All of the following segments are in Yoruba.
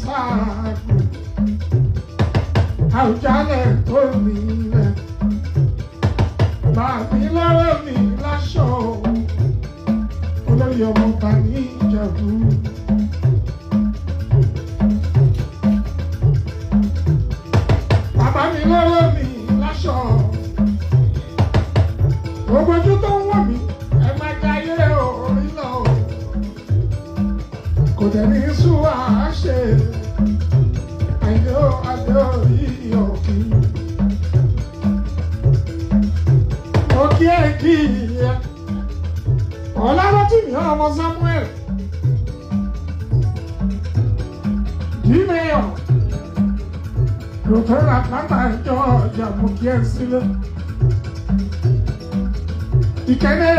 ṣáàgùn àwùjálẹ̀ tó mi lẹ̀ bàbí lọ́rọ̀ mi láṣọ olóyè ọmọ ta ní ìjẹ̀bú. bàbá mi lọ́rọ̀ mi láṣọ ògbójú tó ń wọ̀ mí. tẹ̀lé sùn àṣẹ àìlọ́ àlọ́ yìí òkè. òkè èkì ìyá ọ̀làwọ́tìmí ọmọ Samuel dìmẹ̀yọ̀ lùtọ́rọ̀ àpáta ìjọ ọjà mú kí ẹ sílẹ̀. ìkẹ́lẹ́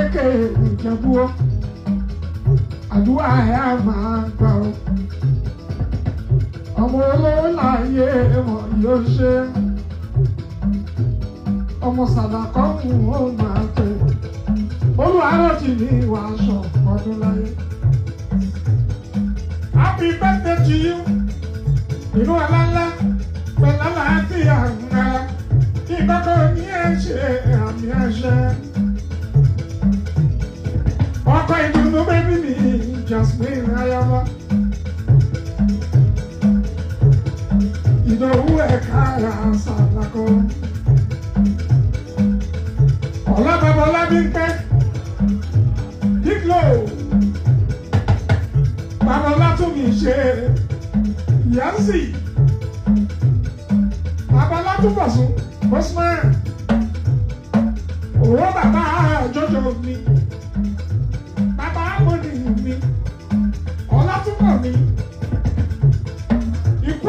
èkéèké ìjẹ̀bú ọ́ àdúrà ẹ̀ máa gbà ó. ọmọ olówó láàyè mọ̀ yóò ṣe. ọmọ sàdákọ́ mú ó máa pè. olùwárọ̀tì ní ìwà aṣọ ọdún láyé. happy birthday to you. inú ọlá ńlá pẹ̀lú àlàáfíà ńlá. ìgbàgbọ́ ní ẹ̀ ṣe àmì ẹ̀ṣẹ̀. ọkọ̀ ìdùnnú bẹ́ẹ̀ bí mi. Jasmine Ayaba. Ìdòwú ẹ̀ka àṣà àlàkọ́. Ọ̀làbàbà Ọlábímpẹ́. Díglo. Bàbá Ọlátúnmí ṣe Yansi. Bàbá Ọlátúnbọ̀sùn Bọ́sùmáà. Òwò bàbá àjọjọ mi. Bàbá Amọ̀nì me.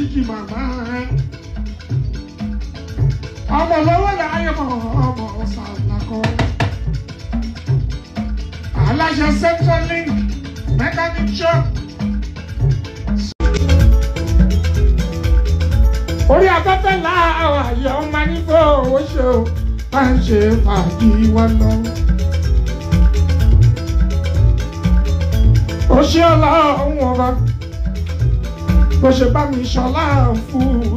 ìjì màmá ẹ. ọmọ lọ́wọ́ là ayọ̀ mọ̀ ọmọ ṣàlàkọ́. aláṣẹ central link mechanic shop. orí afẹ́fẹ́ láàárọ̀ àyẹ̀ ọmọ nígbà owó ṣe o bá ń ṣe fàájì wọn lọ. ó ṣe ọlọ́run ọba bó ṣe bá mi ṣọlá fújì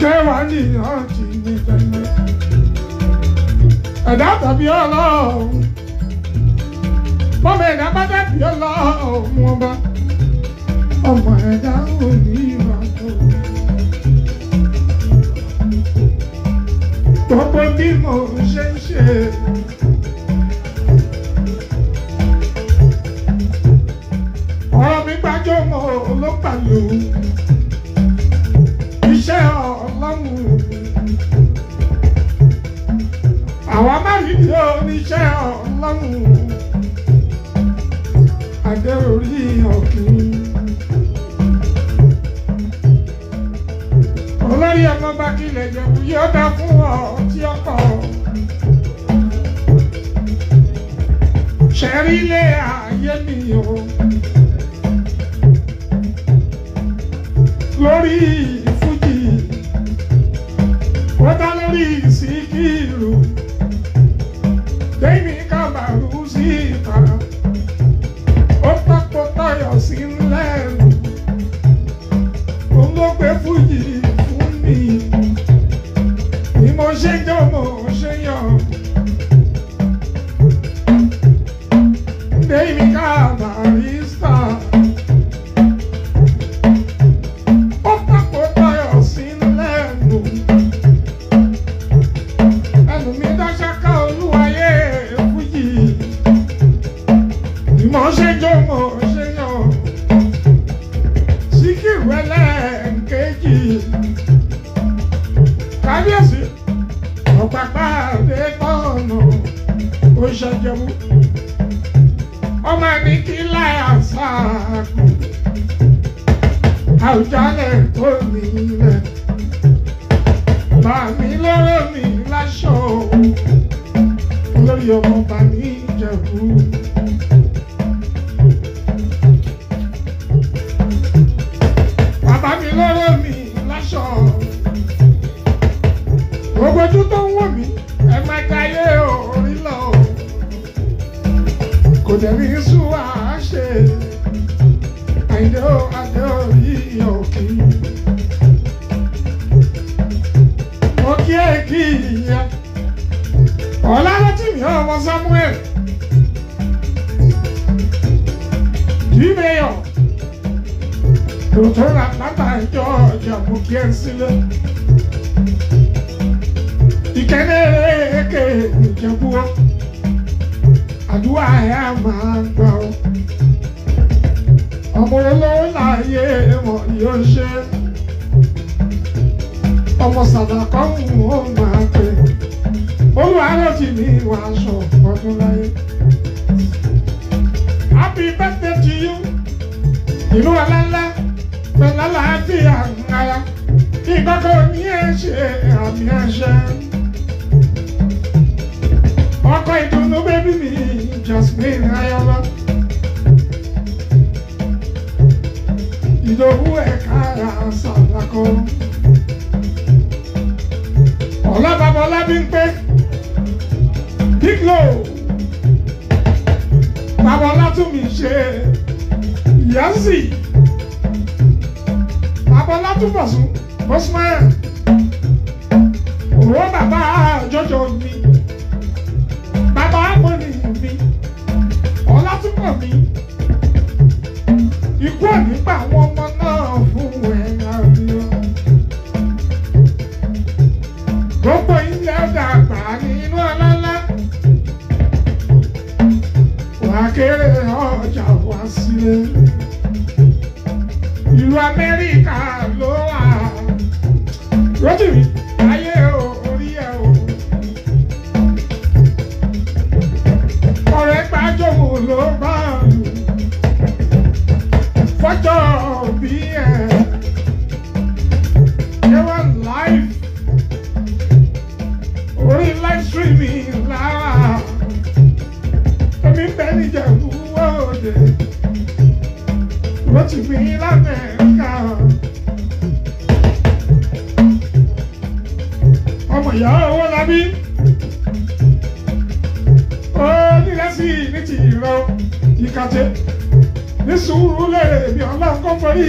kẹwàá nìyàn jì ní tẹ́lẹ̀ ẹ̀dá tàbí ọlọ́run mọ́mọ ẹ̀dá bá dàbí ọlọ́run ọba ọmọ ẹ̀dá ò ní ìwà tó. gbogbo bí mo ṣe ń ṣe. alájọmọ ló pàlù iṣẹ́ ọlọ́run àwa má rí ní oníṣẹ́ ọlọ́run adé orí ọ̀kìn. olórí ọmọ bá kílẹ̀ jẹ̀bù yóò dá fún ọ tí ọkọ̀ ṣẹ̀rí ilé ayé mi o. lórí fújì ó dá lórí síkìrù dẹ́mi kàmàrú síta ó tako tayọ̀ sí lẹ́nu òun ló gbé fújì fún mi ni mo ṣe jọ mo ṣe yọ. Dẹ́mi kàmàrú. ní kí láyà sáàkù àwùjálẹ̀ tó nílẹ̀ bàmí lọ́rọ̀ mi láṣọ olórí ọmọ bàmí ìjẹ̀bú. bàbá mi lọ́rọ̀ gbogbo ojú tó ń wò mí ẹ má jayé o. kò tẹ̀mí sùn wá ṣe àìdè ó àdè ó yíyí òkì. òkì èkì ìyẹn ọ̀làdọ́tìmí ọmọ Samuel dìbẹ̀yọ̀ tòótọ́ ra bàbá ìjọ ọjà mú kí ẹ sílẹ̀. ìkẹ́lẹ́ èké ìjẹ̀bú wọn àdúrà ẹ̀ á máa gbà ó. ọmọ olówó láàyè mọ̀ yóò ṣe. ọmọ sàdàkọ́ ń wò máa pè. olùwárò ti ní ìwà aṣọ ọdún láyé. happy birthday to you. You ìlú ọlọ́lá pẹ̀lú àlàáfíà ń ara. ìkọ́kọ́ ní ẹ̀ ṣe àmì àṣẹ baby, me just ọkọ ìdùnnú bébí mi Jasmine Ayọ̀lá. ìdòwú ẹ̀ka ara ṣàlàkọ. ọ̀làbàbọ̀lá bí ń pé big low babalá tún mi ṣe yẹ́sì babalá oh, basu, basu sún bọ́sùmáyà òwò bàbá àjọjọ mi mi ọlá túbọ̀ mi ikú ò ní pa àwọn ọmọ náà fún ẹ̀yà mi o. gbogbo ilẹ̀ dàgbà nínú ọlọ́lá wà kéré ọjà wá sílé ìlú Amẹ́ríkà ló wà lójú mi. Lord.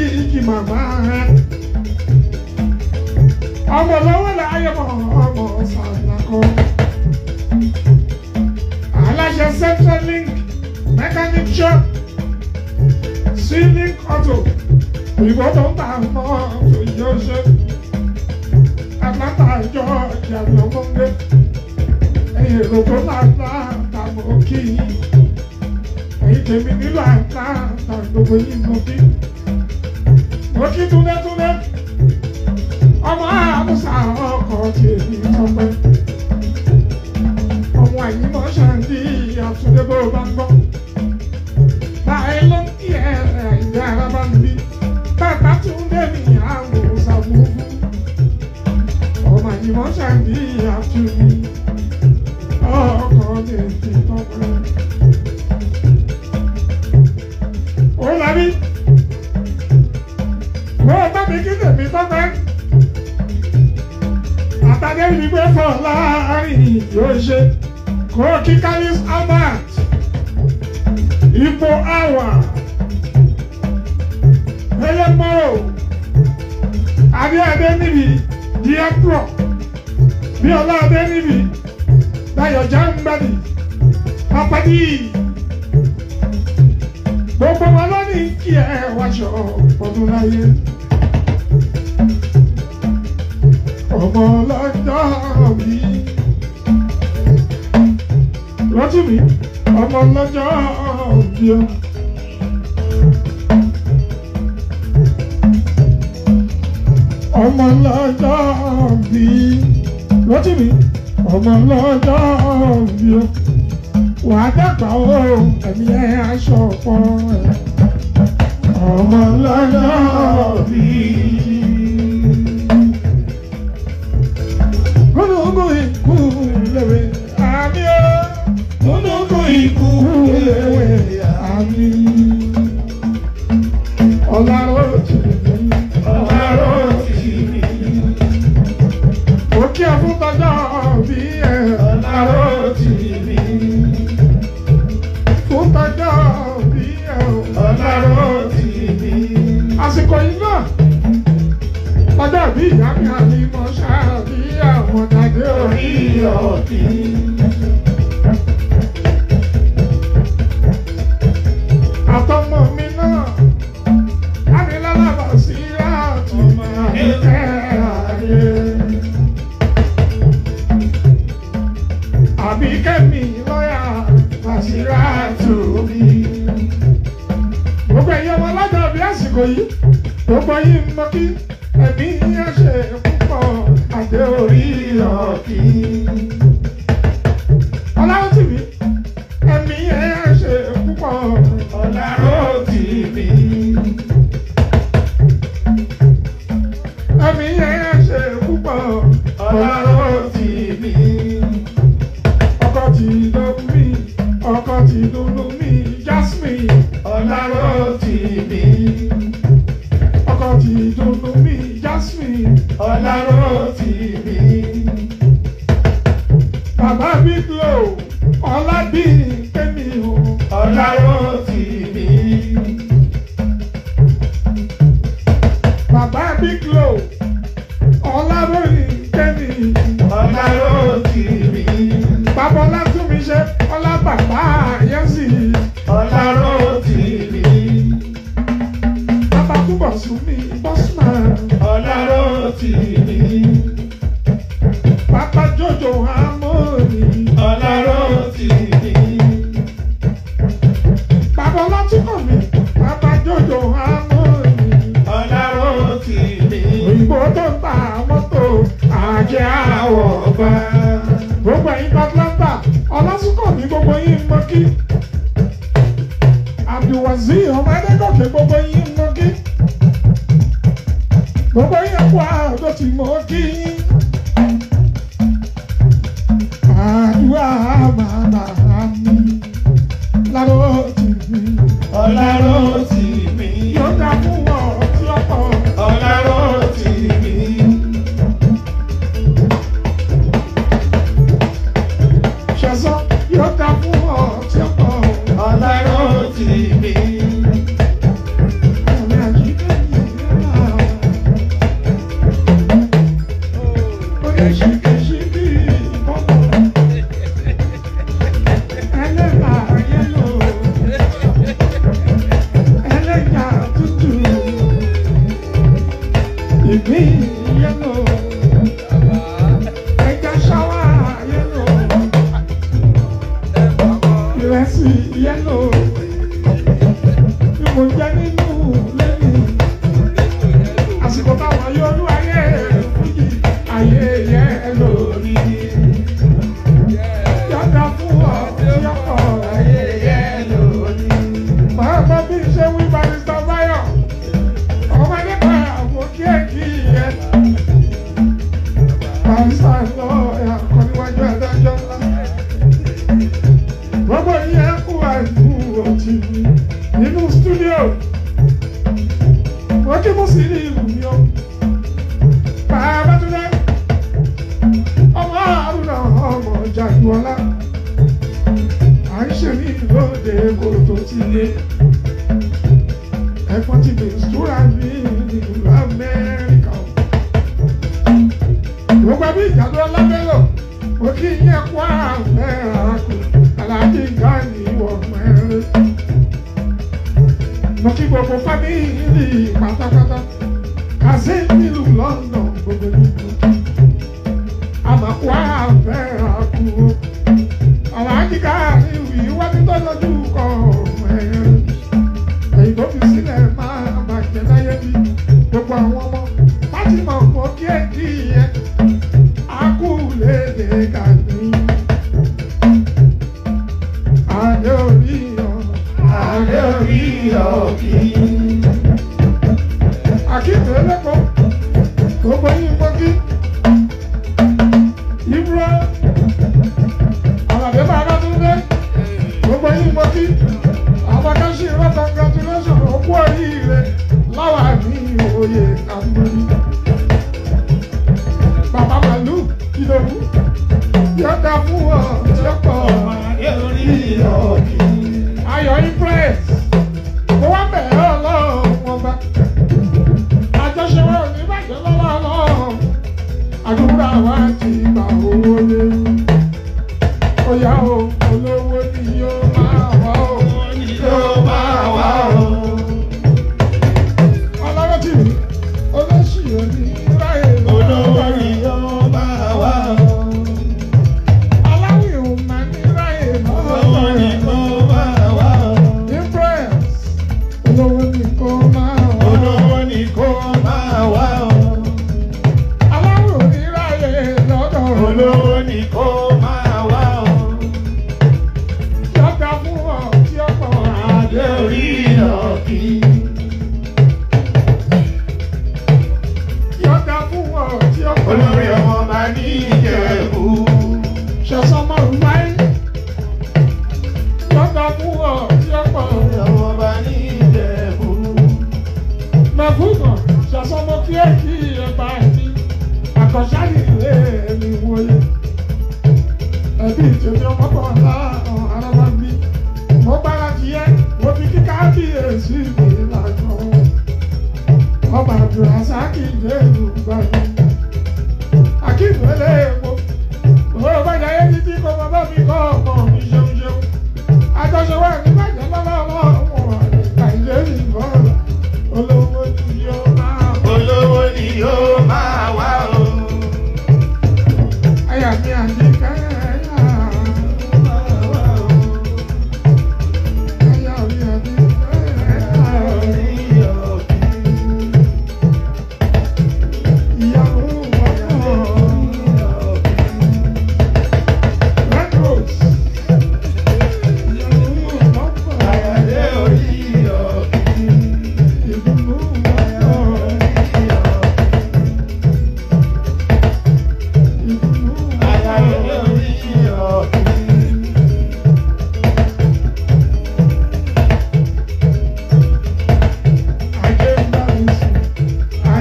miliki màmá ọmọ lọ́wọ́ là á yọmọ ọmọ sàlàkọ aláṣẹ central link mechanic shop sílík auto. òyìnbó tó ń tà mọ́ ọtò yóò ṣe atlanta ìjọ ìjà lọ́mọ́ ń gbé ẹ̀yìn èrò tó láta tàbí òkì yìí èyí tèmi nílò àtà tàbí gbogbo yìí mọ́ bí òkìtúndẹ́túndẹ́ ọmọ àmúṣà ọkọ̀ jẹ́ ìmọ̀pẹ́. Adéníyì di ẹ́kúrọ̀ bí Ọlá Adéníyì Dayọ̀ Jáǹgbàdì Àpàdì gbogbo wọn ló ní kí ẹ wáṣọ ọdún láyé. ọmọ ọlọ́jọ́ mi rántí mi ọmọ ọlọ́jọ́ mi ọmọ lọ́jọ́ bí lọ́tí mi ọmọ lọ́jọ́ bí o wà á dàgbà o ẹ̀mí ẹ̀ aṣọ ọ̀pọ̀ ẹ̀ ọmọ lọ́jọ́ bí. Gbólógbó ikú lèwe àmì ó. Gbólógbó ikú lèwe àmì. ọjọ́ ìbí ìyá mi hàn ní. àwọn tó ń ta mọ́tò àjẹ́ àwọ̀ ọba. gbogbo ẹ̀yin bàtàlátà ọlásùkọ̀ ní gbogbo yín mọ́ kí. àbíwàzí ọmọ ẹ̀dẹ́gọ̀kẹ́ gbogbo yín mọ́ kí. gbogbo yín kú àdó ti mọ́ kí. àdúrà máa bàa. Oh. Jagunola à ń ṣe ní ìlóde kòrò tó ti lé ẹ̀fọn ti bèrè sùúrà ní ìlú Amẹ́ríkà gbogbo bí Jagunola bẹ́lọ̀ mo kí yín ẹ̀kọ́ àwẹ̀ arákùnrin aláàjì gánì ìwọ̀ mẹ́rin mo kí gbogbo fámìlì pátápátá kàzé nílùú London gbogbo nílùú àmàkù àwẹ̀ kíkà ìwì wájú tó lójú kọ òun ẹ̀yẹ. Èyí tó fi sílẹ̀ máa bàjẹ́ láyé bí gbogbo àwọn ọmọ. Fátímọ̀ kò kí èdè yẹn, a kú lè lè kàgbé. burú kí ló wú yọ̀dà fún ọ tí ó pọ̀ ọmọdé orí ọ̀dí. ayọ̀ impress mo wá bẹ̀ ẹ́ ọlọ́run wọn bá àtọ̀jáde ìwé mi wọlé ẹbí ìtòmí ọmọkọ ńlá araba bí mo gbára mi làjọ ọba àdùrásá kì í lè lù gbàgbé akíndùn eléèpo òwe ògbàjà yé títí kó bàbá mi kọ́ ọmọ mi ṣeun àjọṣe wà ní.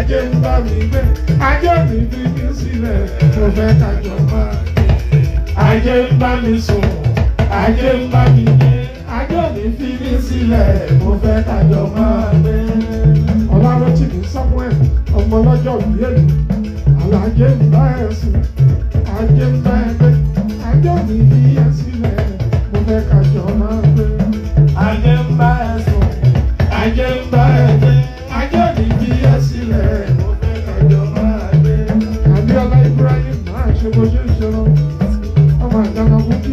ajé ń bá mi gbé ajé mi fi mí sílẹ̀ mo fẹ́ kájọ máa gbé ajé ń bá mi sùn ajé ń bá mi gbé ajé mi fi mí sílẹ̀ mo fẹ́ kájọ máa gbé. ọlọ́rọ̀tì ní samuel ọmọ ọlọ́jọ́ òbí èlò alájẹ ń bá ẹ sùn ajé ń bá ẹ gbé ajé mi fi ẹ sílẹ̀ mo fẹ́ kájọ máa gbé.